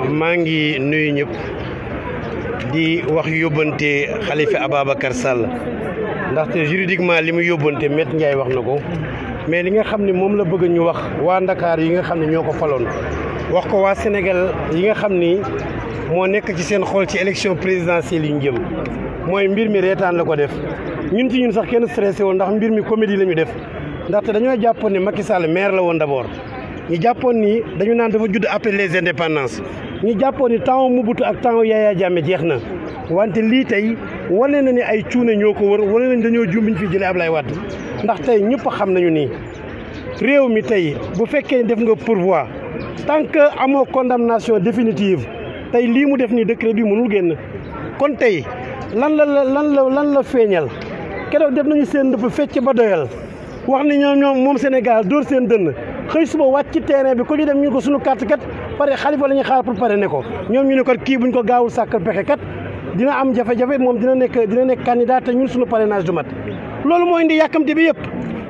maa ngi nuyu ñëpp di wax yóbbante Khalifa Ababacar Sall ndaxte juridiquement li mu yóbbante Met Ndiaye wax na ko mais li nga xam ni moom la bëgg ñu wax waa Ndakaar yi nga xam ne ñoo ko faloon wax ko waa Sénégal yi nga xam ni moo nekk ci seen xool ci élection présidentielle yi ñu jëm mooy mbir mi reetaan la ko def ñun ci ñun sax kenn stressé woon ndax mbir mi comédie la ñu def ndaxte dañoo jàppoon ne Macky Sall maire la woon d'abord ñu jàppoon nii dañu naan dafa judd appel les indépendances ñu jàppoon ni mu Mobutu ak temps Yaya Jammeh jeex na wante lii tey wane na ni ay cuune ñoo ko wër wane nañ dañoo jumbiñ fi jëlee Ablaye Wade ndax tey ñëpp xam nañu nii réew mi tey bu fekkee def nga pourvoi tant que amoo condamnation définitive tey lii mu def nii décret bi mënul génn kon tey lan la lan la lan la feeñal keroog def nañu seen dëpp fecc ba doyal wax ni ñoom ñoom moom Sénégal dóor seen dënn xëy suba wàcc ci terrain bi ku ñu dem ñu ko suñu carte kat pare xalifa la ñuy xaar pare ne ko ñoom ñu ne kat kii buñ ko gaawul sàkkal pexe kat dina am jafe-jafe moom dina nekk dina nekk candidat te ñun suñu parrainage du mat loolu moo indi yàkkamte bi yëpp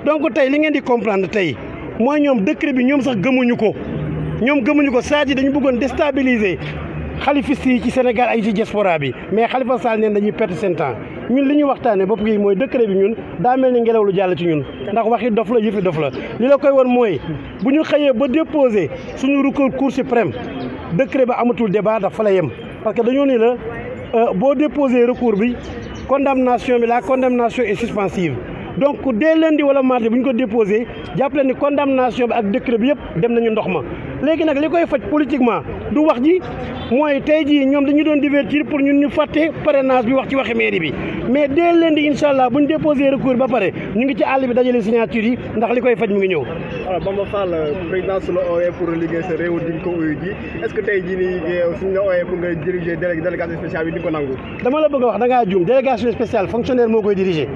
donc tey li ngeen di comprendre tey mooy ñoom décret bi ñoom sax gëmuñu ko ñoom gëmuñu ko cest dañu bëggoon déstabiliser xalifiste yi ci Sénégal ay ji diaspora bi mais Khalifa Sall neen dañuy perte seen temps ñun li ñu waxtaane bopp gi mooy décret bi ñun daa mel ni ngelaw lu jàll ci ñun ndax waxi dof la yëfi dof la li la koy wan mooy bu ñu xëyee ba déposé suñu recours cour suprême décret ba amatul débat dafa la yem parce que dañoo ni la euh, boo déposé recours bi condamnation bi la condamnation est suspensive donc dès lundi wala mardi bu ñu ko déposé jàpp leen ni condamnation bi ak décret bi yëpp dem nañu ndox ma léegi nag li koy faj politiquement du wax ji mooy tey ji ñoom dañu doon divertir pour ñun ñu fàtte parrainage bi wax ci waxi mairie bi mais dès lundi incha allah bu ñu déposé recours ba pare ñu ngi ci àll bi dajale signature yi ndax li koy faj mu ngi ñëw. voilà Bamba Fall président su la ooyee pour liggéey sa réew di nga ko uyu ji est tey jii nii eh, suñ nga diriger a wax da ngaa moo koy diriger.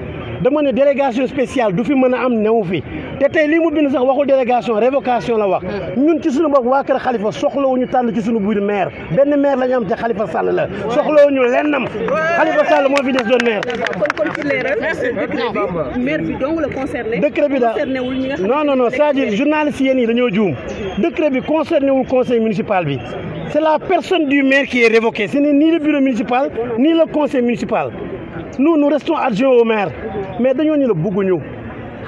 dama ne délégation spéciale du fi mën a am newu fi te tey lii mu bind sax waxul délégation révocation la wax ñun ci suñu bopp waa kër xalifa soxlawuñu tànn ci suñu biir maire benn maire la ñu am te xalifa Sall la soxlawuñu lennam xalifa Sall moo fi des doon maire. kon kon ci leeral décret bi bi dong la concerné. décret bi daal non non non cest journaliste yéen yi dañoo juum décret bi concerné wul conseil municipal bi c'est la personne du maire qui est révoquée ce n'est ni le bureau municipal ni conseil municipal. nous nous restons adjoints au maire mais dañoo ñu la bugguñu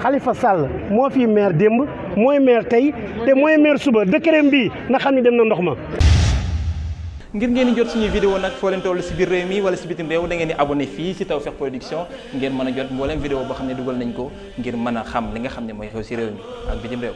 xalifa Sall moo fi maire démb mooy maire tey te mooy maire suba décret bi na xam ni dem na ndox ma. ngir ngeen di jot suñuy vidéo nag foo leen toll si biir réew mi wala si bitim réew da ngeen di abonné fii si taw Tawfekh Production ngeen mën a jot mbooleem vidéo boo xam ne dugal nañ ko ngir mën a xam li nga xam ne mooy xew si réew mi ak bitim réew.